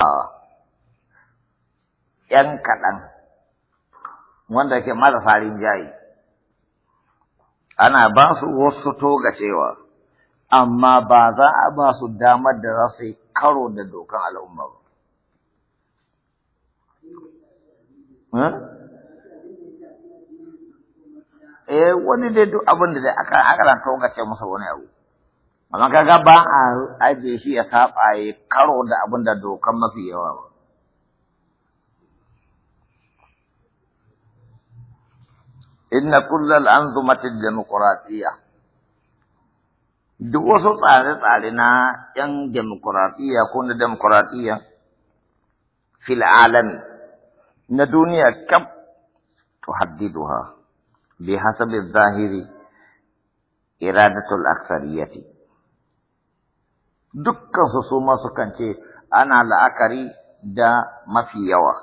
Ah. ‘yan kaɗan wanda ke marasa jayi ana ba su wasu toga cewa, amma ba za a ba su damar da za su yi karo da dokan al'umma ba. Hmm? Eh wani dai duk abin da aka aka ga ce musu wani abu. amma kaga ba a aje shi ya saba ya karo da abin da dokan mafi yawa ba inna kullal anzumati demokratiya duk wasu tsare-tsare na yan demokratiya ko na demokratiya fil alami na duniya kam tuhaddiduha bi hasabi zahiri iradatul aksariyati dukkansu su ma sukan ce ana la'akari da mafi yawa.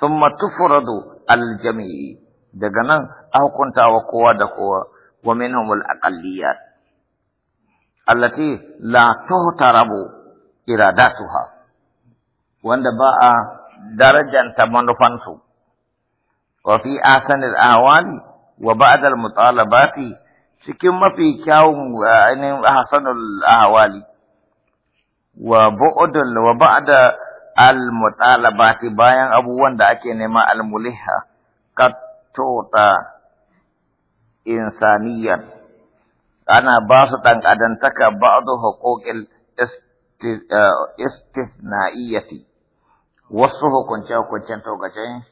Summa tufradu aljami'i daga nan a hukunta wa kowa da kowa wa minhumul aqalliyat allati la tuhtarabu iradatuha wanda ba a darajanta manufansu wa fi asanil awali wa ba'da al mutalabati cikin mafi kyawun eh, ainihin hasanul ahwali wa bu'dul wa ba'da al mutalabati bayan abubuwan da ake nema al ka kattota insaniyan ana ba su dan adantaka ba'du huquqil istithnaiyati eh, wasu hukunce hukuncen togacin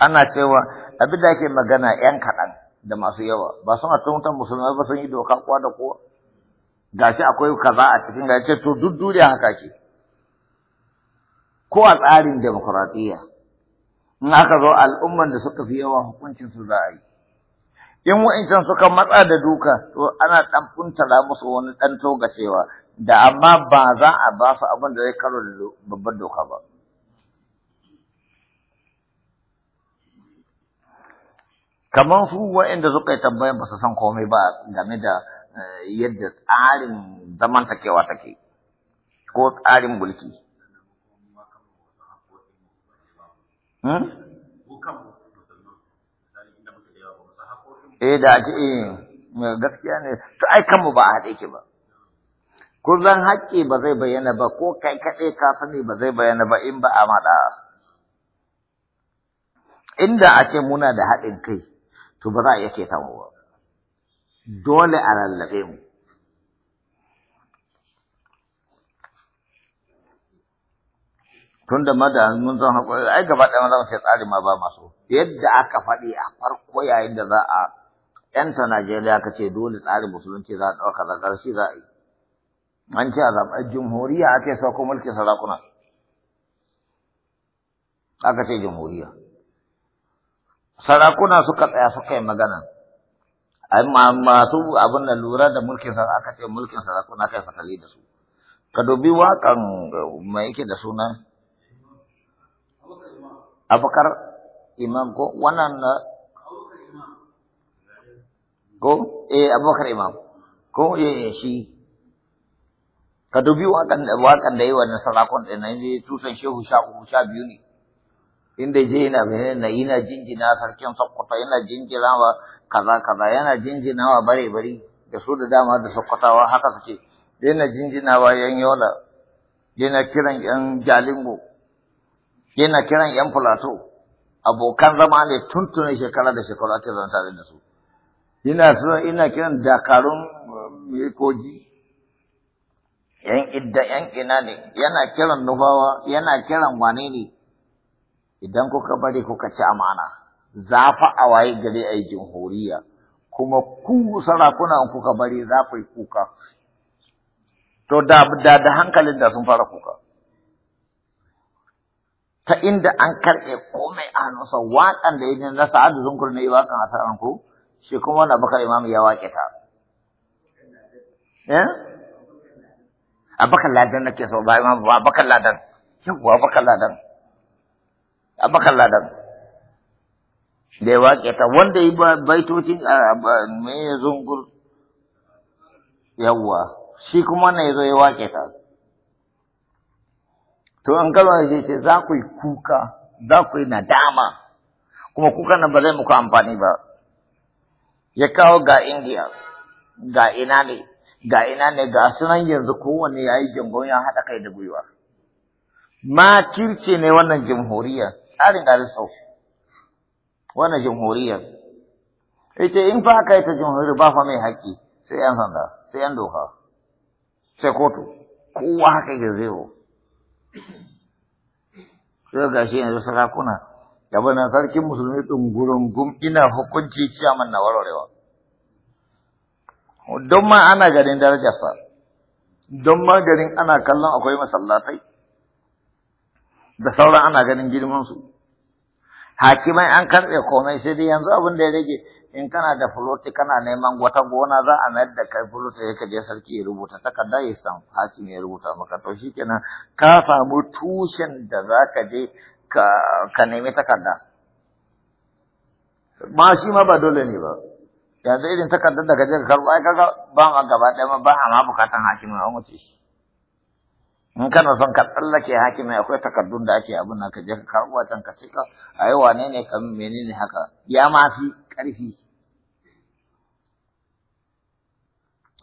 ana cewa abin da ake magana ‘yan kaɗan da masu yawa ba suna tuntun musulmai ba sun yi doka kowa da kowa shi akwai kaza a cikin ce to duk haka ke ko a tsarin demokuraɗiyya in aka zo al'ummar da suka fi yawan hukuncin su za a yi in wa'incan suka matsa da duka to ana ɗan funtala musu wani ɗan togacewa da amma ba za a ba su abin da zai karo da babbar doka ba. kamar su wa'inda suka yi tambaya ba su san komai ba game da eh, yadda tsarin takewa take ko tsarin mulki. Hmm? Eh da ake eh, gaskiya ne, to ai kanmu ba a haɗe ki ba. Kullum haƙƙi ba zai bayyana ba ko kai kaɗai ka sani ba zai bayyana ba in ba a maɗa. Inda a ce muna da haɗin kai, to ba za a iya keta mu ba dole a lallabe mu tunda mada, da mun zan haƙuri ai gaba ɗaya ma za tsari ma ba masu yadda aka faɗi a farko yayin da za a ƴanta Najeriya ka ce dole tsarin musulunci za a ɗauka da ƙarshe za a yi an ce a zaɓar jamhuriya ake sauko mulki sarakuna aka ce jamhuriya sarakuna suka tsaya suka yi magana masu abin da lura da mulkin sarakuna aka ce mulkin sarakuna kai fatali da su ka dubi waƙan eh, mai yake da suna abakar imam ko wannan na ko eh abakar imam ko eh shi ka dubi waƙan da yi wannan sarakun da na tusan shehu sha biyu ne inda je yana na ina jinjina sarkin sokoto yana jinjina wa kaza kaza yana jinjina wa bare bare da su da dama da sokotawa haka suke yana jinjina wa yan yola yana kiran yan jalingo yana kiran yan fulato abokan zama ne tuntuna shekara da shekara ake zan tare da su ina so ina kiran dakarun eh, koji yan idda yan ina ne yana kiran nufawa yana kiran wane ne idan kuka bari kuka ci amana za fa a waye gari a yi jamhuriya kuma ku sarakuna in kuka bari za fa yi kuka to da da, da hankalin da sun fara kuka ta inda an karɓe komai a nusa waƙan da ya na sa'adu zunkur yi ba a sa'an ku shi kuma wanda bakar imam ya waƙe ta eh abakar ladan nake so ba imam ba bakar ladan yawwa bakar ladan a bakan ladan da ya waƙe ta wanda yi baitocin mai ya zungur yawwa shi kuma na yazo ya waƙe ta to an gaba shi ce za ku yi kuka za ku yi nadama kuma kuka nan ba zai muku amfani ba ya kawo ga indiya ga ina ne ga ina ne ga sunan yanzu kowane ya yi jangon ya haɗa kai da gwiwa ma kirce ne wannan jamhuriyar ƙarin ƙarin sau wannan jamhuriyar ita in fa aka yi ta jamhuriyar ba fa mai haƙƙi sai yan sanda sai yan doka sai kotu kowa haka ga zero sai ga shi yanzu sarakuna gaba na sarkin musulmi gum? ina hukunci ciyaman na warwarewa don ma ana ganin darajarsa don ma garin ana kallon akwai masallatai da sauran ana ganin girmansu hakimai an karɓe komai sai dai yanzu abin da ya rage in kana da fuloti kana neman wata gona za a mayar da kai fuloti ya kaje sarki ya rubuta takarda ya san hakimi ya rubuta maka to shikenan ka samu tushen da za ka je ka nemi takarda ma shi ma ba dole ne ba yanzu irin takardar da ka je ka karɓa ai kaga ba ma gaba ɗaya ma ba a ma bukatan hakimi a wuce shi in kana son ka tsallake hakimi akwai takardun da ake abin nan ka je ka karɓo can ka cika a yi wane ne ka menene haka ya ma fi ƙarfi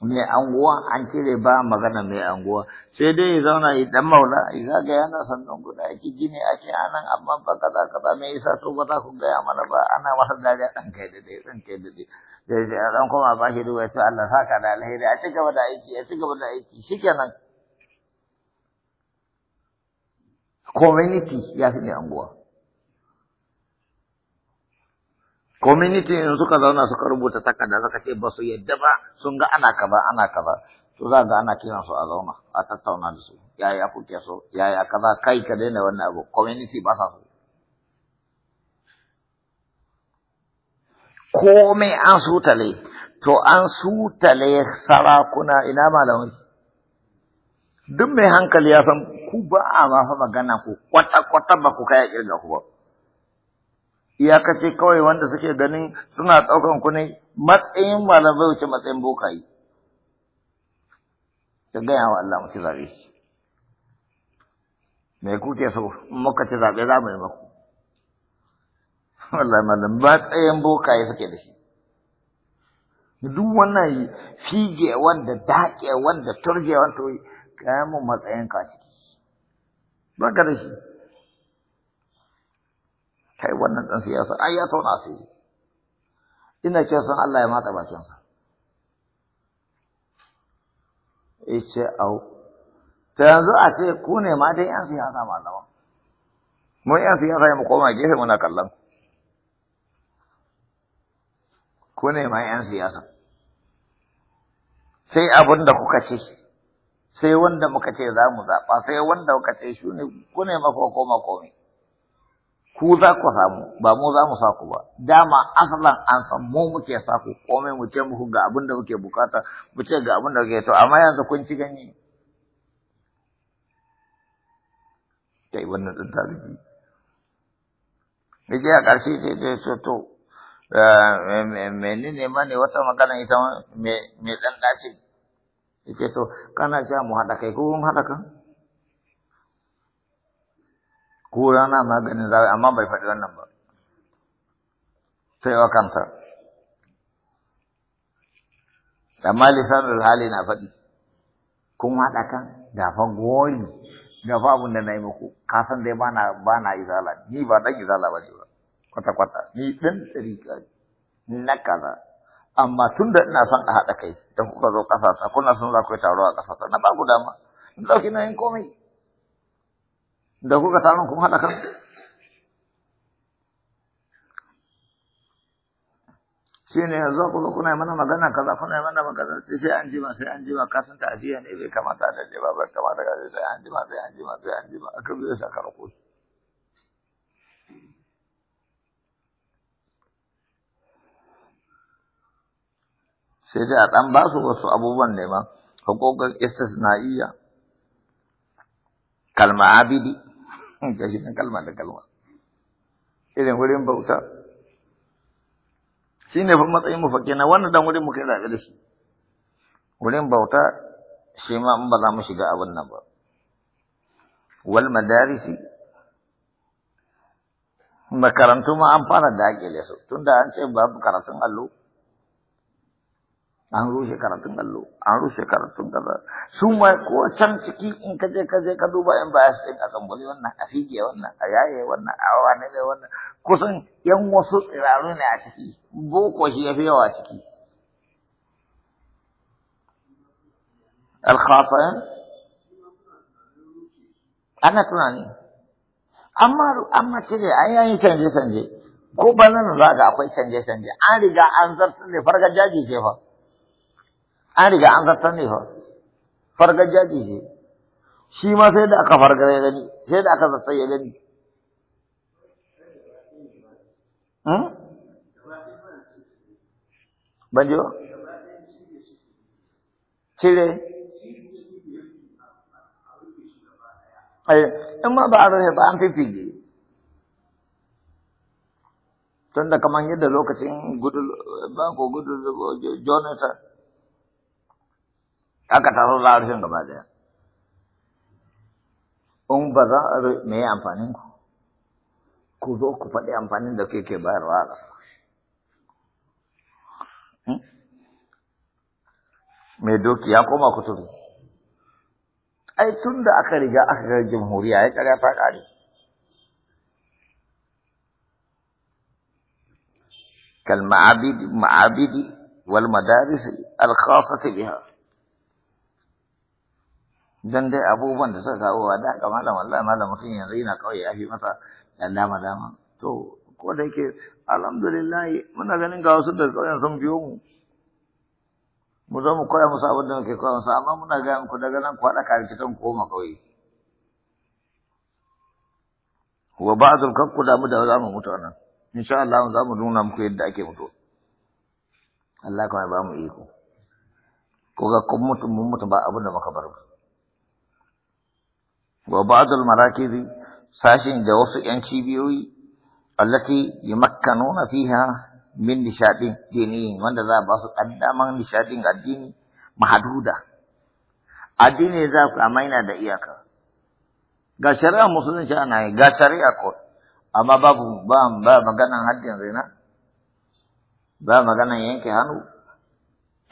Me anguwa an cire ba magana mai anguwa sai dai ya zauna ya dan maula ya zaga yana sannan guda ake gini ake anan amma ba kaza kaza me yasa to ba za ku gaya mana ba ana masa dariya dan kai da dai dan kai da dai dai dan kuma ba shi ruwa to Allah saka da alheri a cigaba da aiki a cigaba da aiki shikenan community ya fi mai anguwa community in suka zauna suka rubuta takarda suka ce ba su yadda ba sun ga ana kaza ana kaza to za ga ana kiran su a zauna a tattauna da su yaya kuke so yaya kaza kai ka daina wannan abu community ba sa so komai an sutale to an sutale sarakuna ina malamai duk mai hankali ya san ku ba a ma fa magana ku kwata-kwata ba ku kaya kirga ku ba. Iyakace kawai wanda suke ganin suna ɗaukan ku ne matsayin malamai wuce matsayin bokayi. Ka gaya wa Allah mu ci zaɓe. Me kuke so in muka ci zaɓe za mu yi maku. Wallahi malam matsayin bokaye suke da shi. Duk wannan fige wanda daƙe wanda turje wanda Kayan mun matsayin ka ciki ba ka da shi kai wannan dan siyasa ai ya tona asiri ina ce san Allah ya bakin bakinsa ce au ta yanzu a ce ku ne ma dai yan siyasa ma malama mu yan siyasa ya mu koma gefe muna kallon ku ne ma yan siyasa sai abin da kuka ce sai wanda muka ce za mu zaɓa sai wanda muka ce shi ne ku ne mafako makomi ku za ku samu ba mu za mu saku ba dama asalan an san mu muke saku komai mu ce muku ga abin da muke bukata mu ce ga abin da muke to amma yanzu kun ci ganye kai wannan ɗin tarihi Nije a ƙarshe ce ce ce to eh, menene ma ne wata magana ita mai ɗan ɗaci yace to kana ja mu haɗa kai ko mun haɗa kan ko rana maganin zawo amma bai faɗi wannan ba sai wa kanta amma lisanul hali na faɗi kun haɗa da dafa goyi dafa abin da na yi muku ka san dai bana bana izala ni ba dan izala ba ba kwata kwata ni din tsirika na kaza amma tun da ina son a haɗa kai da kuka zo ƙasata kuna sun za ku yi taro a ƙasata na ba ku dama in ɗauki yin komai da kuka taron kuma haɗa kan shi ne yanzu ku zo kuna mana magana kaza kuna mana magana sai sai an jima sai an jima ka san ta'aziyya ne bai kamata da ba bai kamata ka sai an jima sai an jima sai an jima aka biyo sa ka rakoshi sai dai a ɗan ba su wasu abubuwan ne ma hukukan istisna'iyya kalma abidi gashi na kalma da kalma irin wurin bauta shi ne fa matsayin mu fakke na wannan dan wurin mu yi zaɓe da shi wurin bauta shi ma in ba za mu shiga abin nan ba wal madarisi makarantu ma an fara da su tunda an ce babu karatun allo an rushe karatun allo an rushe karatun kaza su ma ko can ciki in ka je ka je ka duba yan baya su a tsambali wannan a fige wannan a yaye wannan a wane ne wannan kusan yan wasu tsiraru ne a ciki boko shi ya fi yawa a ciki alkhasayan eh? ana tunani amma amma cire an yayin canje canje ko ba nan za ga akwai canje canje an riga an zartar ne farga jaji ce fa an riga an zartar ne fa fargar jaji ce shi ma sai da aka fargar ya gani sai da aka zartar ya gani hmm? ban ji ba cire eh, in ma ba a rufe ba an fifige tun da kamar yadda lokacin gudu ba ko gudu jonathan aka taso za a rufin gaba daya in ba za a me amfanin ku ku zo ku faɗi amfanin da kuke bayarwa a ƙasa mai hmm? doki ya koma kuturu ai tun da aka riga aka ga jamhuriya ya ƙarya ta ƙare kalma'abidi ma'abidi wal madaris al-khasati biha dan dai abubuwan da suka kawo wa da malaman malam malaman malam mutum yanzu yana kawai ya fi masa dan dama dama to ko da yake alhamdulillah muna ganin ga wasu da kauyen sun biyo mu mu zo mu koya musu abin da muke koya musu amma muna gaya muku daga nan ku haɗa karkitan koma kauye wa ba'dul kakku da mu da za mu mutu nan insha Allah za mu nuna muku yadda ake mutu Allah kuma ba mu iko ko ga kun mutu mun mutu ba abin da muka bar mu wa ba'dul marakizi sashin da wasu yan cibiyoyi allati yumakkanuna fiha min nishadin dini wanda za ba su kaddaman nishadin addini mahaduda addini za ku amma da iyaka ga shari'a musulunci ana yi ga shari'a ko amma babu ba ba maganan haddin zina ba maganan yanke hannu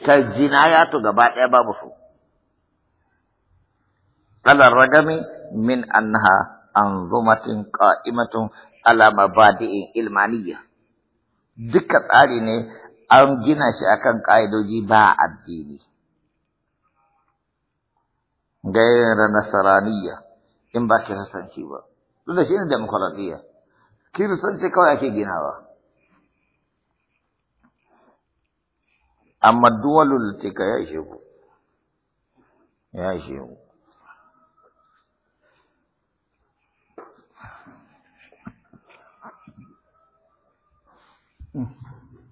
ta jinayatu gaba ɗaya babu su ala ragami min annaha anzumatin qa'imatun ala mabadi'i ilmaniyya duka tsari ne an gina shi akan ka'idoji ba addini gaira nasaraniya in ba ki san shi ba duk da shi ne demokradiyya kiristanci kawai ake ginawa amma duwalul tika ya ishe ku ya ishe Mm.